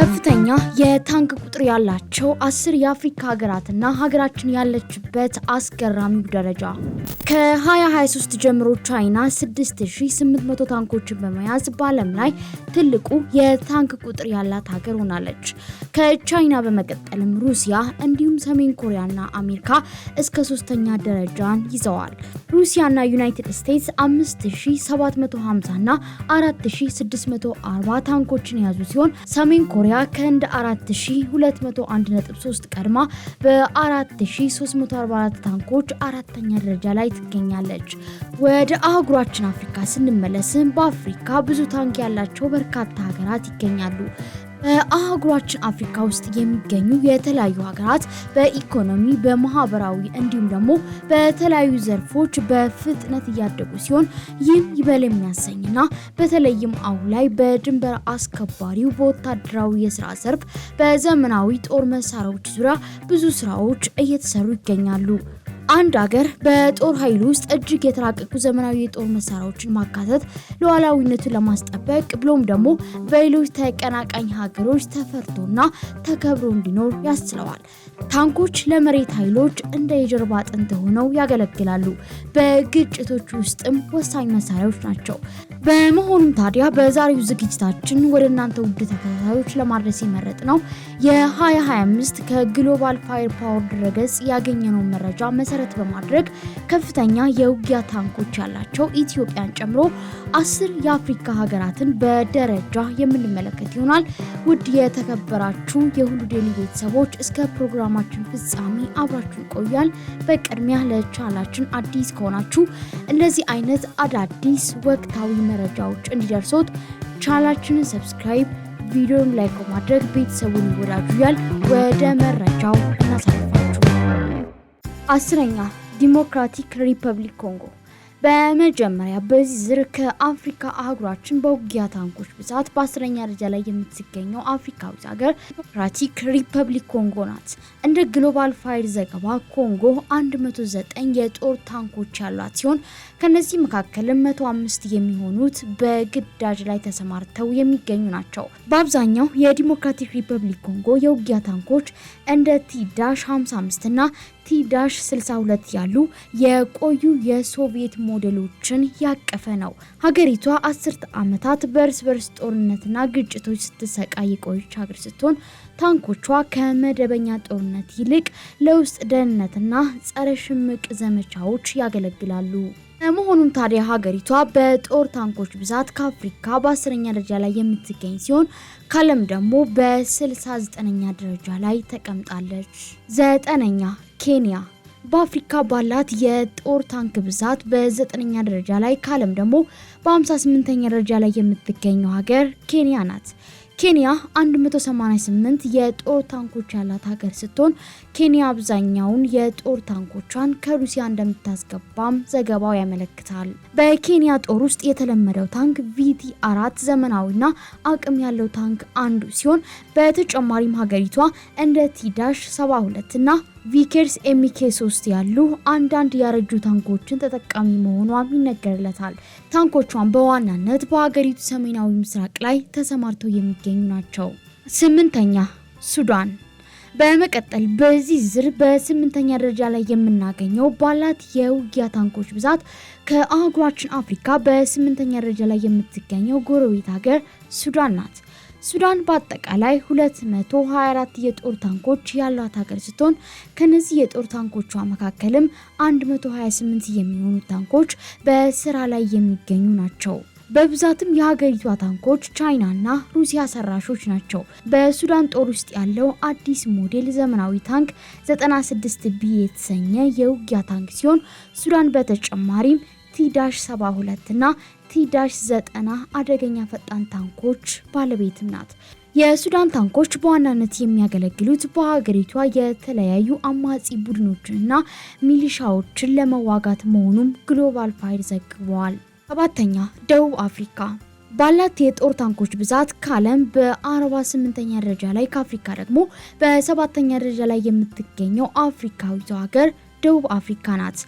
ከፍተኛ የታንክ ቁጥር ያላቸው አስር የአፍሪካ ሀገራትና ሀገራችን ያለችበት አስገራሚው ደረጃ ከ2023 ጀምሮ ቻይና 6800 ታንኮችን በመያዝ በዓለም ላይ ትልቁ የታንክ ቁጥር ያላት ሀገር ሆናለች። ከቻይና በመቀጠልም ሩሲያ እንዲሁም ሰሜን ኮሪያና አሜሪካ እስከ ሶስተኛ ደረጃን ይዘዋል። ሩሲያና ዩናይትድ ስቴትስ 5750 እና 4640 ታንኮችን የያዙ ሲሆን ሰሜን ኮሪያ ኦሮሚያ ከህንድ 4213 ቀድማ በ4344 ታንኮች አራተኛ ደረጃ ላይ ትገኛለች። ወደ አህጉራችን አፍሪካ ስንመለስም በአፍሪካ ብዙ ታንክ ያላቸው በርካታ ሀገራት ይገኛሉ። በአህጉራችን አፍሪካ ውስጥ የሚገኙ የተለያዩ ሀገራት በኢኮኖሚ በማህበራዊ እንዲሁም ደግሞ በተለያዩ ዘርፎች በፍጥነት እያደጉ ሲሆን ይህም ይበል የሚያሰኝና በተለይም አሁን ላይ በድንበር አስከባሪው በወታደራዊ የስራ ዘርፍ በዘመናዊ ጦር መሳሪያዎች ዙሪያ ብዙ ስራዎች እየተሰሩ ይገኛሉ። አንድ ሀገር በጦር ኃይል ውስጥ እጅግ የተራቀቁ ዘመናዊ የጦር መሳሪያዎችን ማካተት ሉዓላዊነቱን ለማስጠበቅ ብሎም ደግሞ በሌሎች ተቀናቃኝ ሀገሮች ተፈርቶና ተከብሮ እንዲኖር ያስችለዋል። ታንኮች ለመሬት ኃይሎች እንደ የጀርባ አጥንት ሆነው ያገለግላሉ። በግጭቶች ውስጥም ወሳኝ መሳሪያዎች ናቸው። በመሆኑም ታዲያ በዛሬው ዝግጅታችን ወደ እናንተ ውድ ተከታታዮች ለማድረስ የመረጥ ነው የ2025 ከግሎባል ፋየር ፓወር ድረገጽ ያገኘነውን መረጃ መሰረት በማድረግ ከፍተኛ የውጊያ ታንኮች ያላቸው ኢትዮጵያን ጨምሮ አስር የአፍሪካ ሀገራትን በደረጃ የምንመለከት ይሆናል። ውድ የተከበራችሁ የሁሉ ዴይሊ ቤተሰቦች እስከ ፕሮግራማችን ፍጻሜ አብራችሁን ይቆያል። በቅድሚያ ለቻናላችን አዲስ ከሆናችሁ እንደዚህ አይነት አዳዲስ ወቅታዊ መረጃዎች እንዲደርሶት ቻናላችንን ሰብስክራይብ፣ ቪዲዮን ላይክ በማድረግ ቤተሰቡን ይወዳጁ እያል ወደ መረጃው እናሳልፋችሁ። አስረኛ ዲሞክራቲክ ሪፐብሊክ ኮንጎ በመጀመሪያ በዚህ ዝር ከአፍሪካ አህጉራችን በውጊያ ታንኮች ብዛት በአስረኛ ደረጃ ላይ የምትገኘው አፍሪካዊት ሀገር ዲሞክራቲክ ሪፐብሊክ ኮንጎ ናት። እንደ ግሎባል ፋይር ዘገባ ኮንጎ 109 የጦር ታንኮች ያሏት ሲሆን ከነዚህ መካከል 105 የሚሆኑት በግዳጅ ላይ ተሰማርተው የሚገኙ ናቸው። በአብዛኛው የዲሞክራቲክ ሪፐብሊክ ኮንጎ የውጊያ ታንኮች እንደ ቲዳሽ 55 እና ቲ 62 ያሉ የቆዩ የሶቪየት ሞዴሎችን ያቀፈ ነው። ሀገሪቷ አስርተ ዓመታት በእርስ በርስ ጦርነትና ግጭቶች ስትሰቃይ የቆየች ሀገር ስትሆን ታንኮቿ ከመደበኛ ጦርነት ይልቅ ለውስጥ ደህንነትና ጸረ ሽምቅ ዘመቻዎች ያገለግላሉ። ለመሆኑም ታዲያ ሀገሪቷ በጦር ታንኮች ብዛት ከአፍሪካ በአስረኛ ደረጃ ላይ የምትገኝ ሲሆን ከዓለም ደግሞ በ69ኛ ደረጃ ላይ ተቀምጣለች። ዘጠነኛ ኬንያ በአፍሪካ ባላት የጦር ታንክ ብዛት በዘጠነኛ ደረጃ ላይ ከዓለም ደግሞ በ58ኛ ደረጃ ላይ የምትገኘው ሀገር ኬንያ ናት። ኬንያ 188 የጦር ታንኮች ያላት ሀገር ስትሆን ኬንያ አብዛኛውን የጦር ታንኮቿን ከሩሲያ እንደምታስገባም ዘገባው ያመለክታል። በኬንያ ጦር ውስጥ የተለመደው ታንክ ቪቲ አራት ዘመናዊና አቅም ያለው ታንክ አንዱ ሲሆን በተጨማሪም ሀገሪቷ እንደ ቲዳሽ 72 እና ቪከርስ ኤምኬ 3 ያሉ አንዳንድ ያረጁ ታንኮችን ተጠቃሚ መሆኗም ይነገርለታል። ታንኮቿን በዋናነት በሀገሪቱ ሰሜናዊ ምስራቅ ላይ ተሰማርተው የሚገኙ ናቸው። ስምንተኛ ሱዳን በመቀጠል በዚህ ዝር በስምንተኛ ደረጃ ላይ የምናገኘው ባላት የውጊያ ታንኮች ብዛት ከአህጉራችን አፍሪካ በስምንተኛ ደረጃ ላይ የምትገኘው ጎረቤት ሀገር ሱዳን ናት። ሱዳን በአጠቃላይ 224 የጦር ታንኮች ያሏት ሀገር ስትሆን ከነዚህ የጦር ታንኮቿ መካከልም 128 የሚሆኑ ታንኮች በስራ ላይ የሚገኙ ናቸው። በብዛትም የሀገሪቷ ታንኮች ቻይና እና ሩሲያ ሰራሾች ናቸው። በሱዳን ጦር ውስጥ ያለው አዲስ ሞዴል ዘመናዊ ታንክ 96 ቢ የተሰኘ የውጊያ ታንክ ሲሆን ሱዳን በተጨማሪም ቲዳሽ 72 እና ቲዳሽ 90 አደገኛ ፈጣን ታንኮች ባለቤትም ናት። የሱዳን ታንኮች በዋናነት የሚያገለግሉት በሀገሪቷ የተለያዩ አማጺ ቡድኖችንና ሚሊሻዎችን ለመዋጋት መሆኑም ግሎባል ፋይል ዘግበዋል። ሰባተኛ ደቡብ አፍሪካ ባላት የጦር ታንኮች ብዛት ከዓለም በ48ኛ ደረጃ ላይ ከአፍሪካ ደግሞ በሰባተኛ ደረጃ ላይ የምትገኘው አፍሪካዊቷ ሀገር ደቡብ አፍሪካ ናት።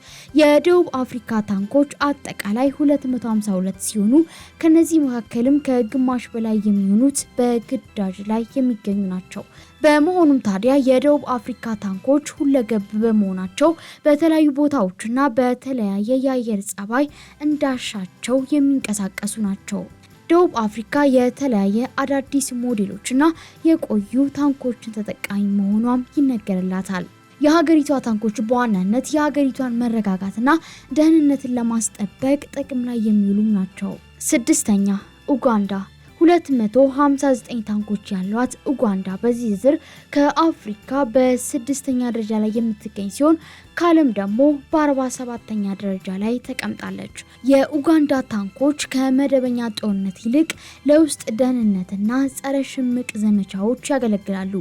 የደቡብ አፍሪካ ታንኮች አጠቃላይ 252 ሲሆኑ ከነዚህ መካከልም ከግማሽ በላይ የሚሆኑት በግዳጅ ላይ የሚገኙ ናቸው። በመሆኑም ታዲያ የደቡብ አፍሪካ ታንኮች ሁለገብ በመሆናቸው በተለያዩ ቦታዎችና በተለያየ የአየር ጸባይ እንዳሻቸው የሚንቀሳቀሱ ናቸው። ደቡብ አፍሪካ የተለያየ አዳዲስ ሞዴሎችና የቆዩ ታንኮችን ተጠቃሚ መሆኗም ይነገርላታል። የሀገሪቷ ታንኮች በዋናነት የሀገሪቷን መረጋጋትና ደህንነትን ለማስጠበቅ ጥቅም ላይ የሚውሉ ናቸው። ስድስተኛ ኡጋንዳ 259 ታንኮች ያሏት ኡጋንዳ በዚህ ዝር ከአፍሪካ በስድስተኛ ደረጃ ላይ የምትገኝ ሲሆን ካለም ደግሞ በ47ተኛ ደረጃ ላይ ተቀምጣለች። የኡጋንዳ ታንኮች ከመደበኛ ጦርነት ይልቅ ለውስጥ ደህንነትና ጸረ ሽምቅ ዘመቻዎች ያገለግላሉ።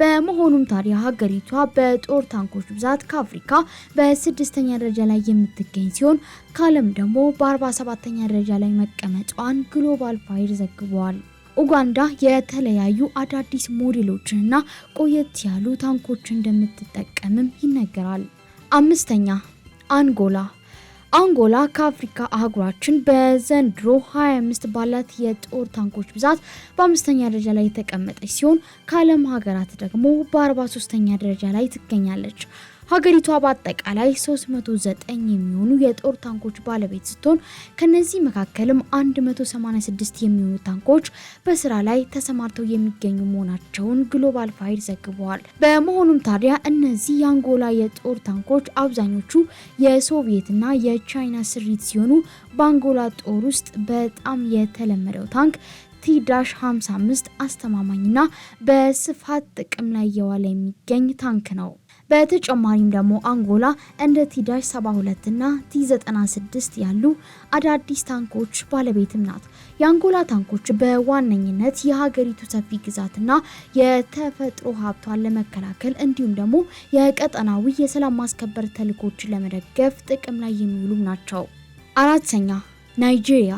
በመሆኑም ታዲያ ሀገሪቷ በጦር ታንኮች ብዛት ከአፍሪካ በስድስተኛ ደረጃ ላይ የምትገኝ ሲሆን ካለም ደግሞ በ47ተኛ ደረጃ ላይ መቀመጧን ግሎባል ፋይር ዘግቧል። ኡጋንዳ የተለያዩ አዳዲስ ሞዴሎችንና ቆየት ያሉ ታንኮችን እንደምትጠቀምም ይነገራል። አምስተኛ አንጎላ አንጎላ ከአፍሪካ አህጉራችን በዘንድሮ 25 ባላት የጦር ታንኮች ብዛት በአምስተኛ ደረጃ ላይ የተቀመጠች ሲሆን ከዓለም ሀገራት ደግሞ በ43ኛ ደረጃ ላይ ትገኛለች። ሀገሪቷ በአጠቃላይ 309 የሚሆኑ የጦር ታንኮች ባለቤት ስትሆን ከነዚህ መካከልም 186 የሚሆኑ ታንኮች በስራ ላይ ተሰማርተው የሚገኙ መሆናቸውን ግሎባል ፋይድ ዘግበዋል። በመሆኑም ታዲያ እነዚህ የአንጎላ የጦር ታንኮች አብዛኞቹ የሶቪየትና የቻይና ስሪት ሲሆኑ በአንጎላ ጦር ውስጥ በጣም የተለመደው ታንክ ቲዳሽ 55 አስተማማኝና በስፋት ጥቅም ላይ እየዋለ የሚገኝ ታንክ ነው። በተጨማሪም ደግሞ አንጎላ እንደ ቲዳሽ 72 እና ቲ96 ያሉ አዳዲስ ታንኮች ባለቤትም ናት። የአንጎላ ታንኮች በዋነኝነት የሀገሪቱ ሰፊ ግዛትና የተፈጥሮ ሀብቷን ለመከላከል እንዲሁም ደግሞ የቀጠናዊ የሰላም ማስከበር ተልእኮችን ለመደገፍ ጥቅም ላይ የሚውሉ ናቸው። አራተኛ ናይጄሪያ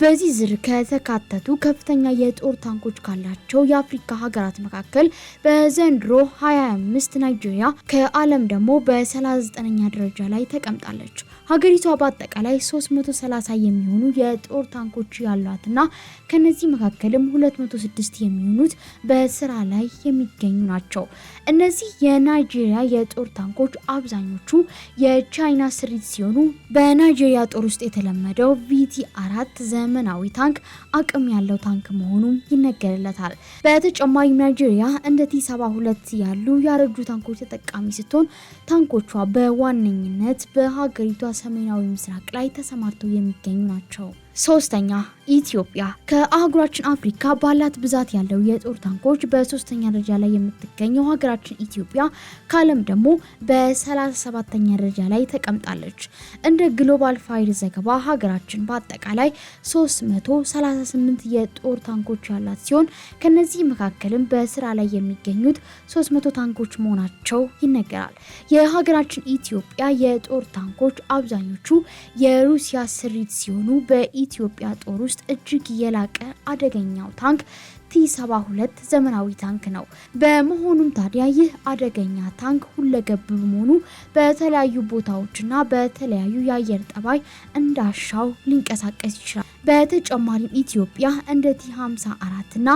በዚህ ዝር ከተካተቱ ከፍተኛ የጦር ታንኮች ካላቸው የአፍሪካ ሀገራት መካከል በዘንድሮ 25 ናይጄሪያ ከዓለም ደግሞ በ39ኛ ደረጃ ላይ ተቀምጣለች። ሀገሪቷ በአጠቃላይ 330 የሚሆኑ የጦር ታንኮች ያሏትና ከነዚህ መካከልም 206 የሚሆኑት በስራ ላይ የሚገኙ ናቸው። እነዚህ የናይጄሪያ የጦር ታንኮች አብዛኞቹ የቻይና ስሪት ሲሆኑ በናይጄሪያ ጦር ውስጥ የተለመደው ቪቲ አራት ዘመናዊ ታንክ አቅም ያለው ታንክ መሆኑም ይነገርለታል። በተጨማሪም ናይጄሪያ እንደ ቲ 72 ያሉ ያረጁ ታንኮች ተጠቃሚ ስትሆን ታንኮቿ በዋነኝነት በሀገሪቷ ሰሜናዊ ምስራቅ ላይ ተሰማርተው የሚገኙ ናቸው። ሶስተኛ ኢትዮጵያ ከአህጉራችን አፍሪካ ባላት ብዛት ያለው የጦር ታንኮች በሶስተኛ ደረጃ ላይ የምትገኘው ሀገራችን ኢትዮጵያ ከዓለም ደግሞ በ37ተኛ ደረጃ ላይ ተቀምጣለች። እንደ ግሎባል ፋይር ዘገባ ሀገራችን በአጠቃላይ 338 የጦር ታንኮች ያላት ሲሆን ከነዚህ መካከልም በስራ ላይ የሚገኙት 300 ታንኮች መሆናቸው ይነገራል። የሀገራችን ኢትዮጵያ የጦር ታንኮች አብዛኞቹ የሩሲያ ስሪት ሲሆኑ በኢ በኢትዮጵያ ጦር ውስጥ እጅግ የላቀ አደገኛው ታንክ ቲ72 ዘመናዊ ታንክ ነው። በመሆኑም ታዲያ ይህ አደገኛ ታንክ ሁለገብ በመሆኑ በተለያዩ ቦታዎችና በተለያዩ የአየር ጠባይ እንዳሻው ሊንቀሳቀስ ይችላል። በተጨማሪም ኢትዮጵያ እንደ ቲ54 እና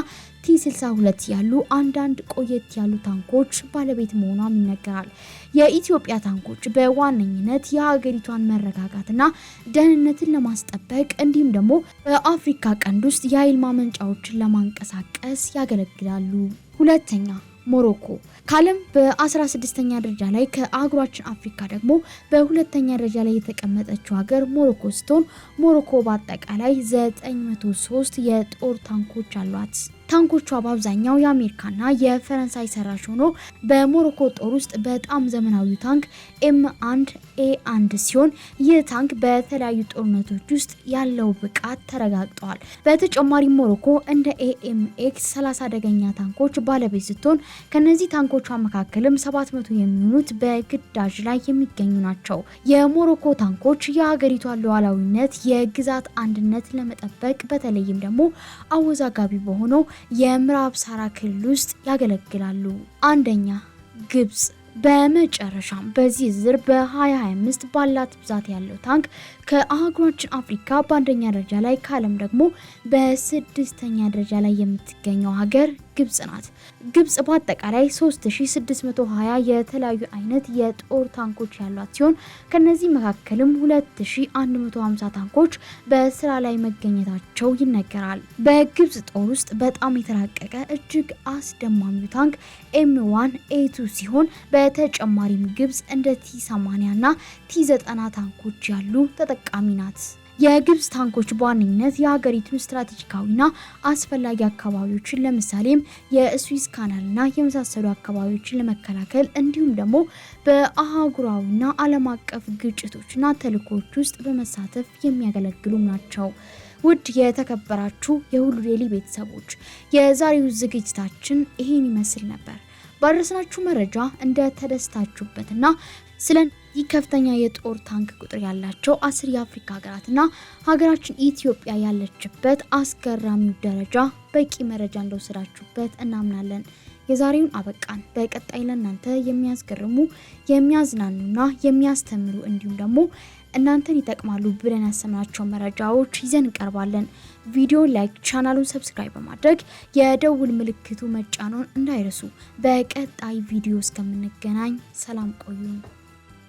ቲ62 ያሉ አንዳንድ ቆየት ያሉ ታንኮች ባለቤት መሆኗም ይነገራል። የኢትዮጵያ ታንኮች በዋነኝነት የሀገሪቷን መረጋጋትና ደህንነትን ለማስጠበቅ እንዲሁም ደግሞ በአፍሪካ ቀንድ ውስጥ የኃይል ማመንጫዎችን ለማንቀሳቀስ ያገለግላሉ። ሁለተኛ ሞሮኮ ከዓለም በ16ኛ ደረጃ ላይ ከአህጉራችን አፍሪካ ደግሞ በሁለተኛ ደረጃ ላይ የተቀመጠችው ሀገር ሞሮኮ ስትሆን ሞሮኮ በአጠቃላይ 903 የጦር ታንኮች አሏት። ታንኮቿ በአብዛኛው የአሜሪካና የፈረንሳይ ሰራሽ ሆኖ በሞሮኮ ጦር ውስጥ በጣም ዘመናዊ ታንክ ኤም አንድ ኤ አንድ ሲሆን ይህ ታንክ በተለያዩ ጦርነቶች ውስጥ ያለው ብቃት ተረጋግጠዋል። በተጨማሪም ሞሮኮ እንደ ኤኤምኤክስ 30 አደገኛ ታንኮች ባለቤት ስትሆን ከነዚህ ታንኮቿ መካከልም 700 የሚሆኑት በግዳጅ ላይ የሚገኙ ናቸው። የሞሮኮ ታንኮች የሀገሪቷን ሉዓላዊነት፣ የግዛት አንድነት ለመጠበቅ በተለይም ደግሞ አወዛጋቢ በሆነው የምዕራብ ሳራ ክልል ውስጥ ያገለግላሉ። አንደኛ ግብጽ በመጨረሻም በዚህ ዝር በ2025 ባላት ብዛት ያለው ታንክ ከአህጉራችን አፍሪካ በአንደኛ ደረጃ ላይ ከዓለም ደግሞ በስድስተኛ ደረጃ ላይ የምትገኘው ሀገር ግብጽ ናት። ግብጽ በአጠቃላይ 3620 የተለያዩ አይነት የጦር ታንኮች ያሏት ሲሆን ከነዚህ መካከልም 2150 ታንኮች በስራ ላይ መገኘታቸው ይነገራል። በግብጽ ጦር ውስጥ በጣም የተራቀቀ እጅግ አስደማሚው ታንክ ኤም ዋን ኤቱ ሲሆን በተጨማሪም ግብጽ እንደ ቲ80 እና ቲ90 ታንኮች ያሉ ተጠቃሚ ናት። የግብጽ ታንኮች በዋነኝነት የሀገሪቱን ስትራቴጂካዊና አስፈላጊ አካባቢዎችን ለምሳሌም የስዊዝ ካናልና የመሳሰሉ አካባቢዎችን ለመከላከል እንዲሁም ደግሞ በአህጉራዊና ዓለም አቀፍ ግጭቶችና ተልእኮዎች ውስጥ በመሳተፍ የሚያገለግሉም ናቸው። ውድ የተከበራችሁ የሁሉ ዴይሊ ቤተሰቦች የዛሬው ዝግጅታችን ይህን ይመስል ነበር። ባደረስናችሁ መረጃ እንደ ተደስታችሁበትና ስለን ይህ ከፍተኛ የጦር ታንክ ቁጥር ያላቸው አስር የአፍሪካ ሀገራትና ሀገራችን ኢትዮጵያ ያለችበት አስገራሚ ደረጃ በቂ መረጃ እንደወሰዳችሁበት እናምናለን። የዛሬውን አበቃን። በቀጣይ ለእናንተ የሚያስገርሙ የሚያዝናኑና የሚያስተምሩ እንዲሁም ደግሞ እናንተን ይጠቅማሉ ብለን ያሰምናቸው መረጃዎች ይዘን እንቀርባለን። ቪዲዮ ላይክ፣ ቻናሉን ሰብስክራይብ በማድረግ የደውል ምልክቱ መጫኖን እንዳይረሱ። በቀጣይ ቪዲዮ እስከምንገናኝ ሰላም ቆዩ።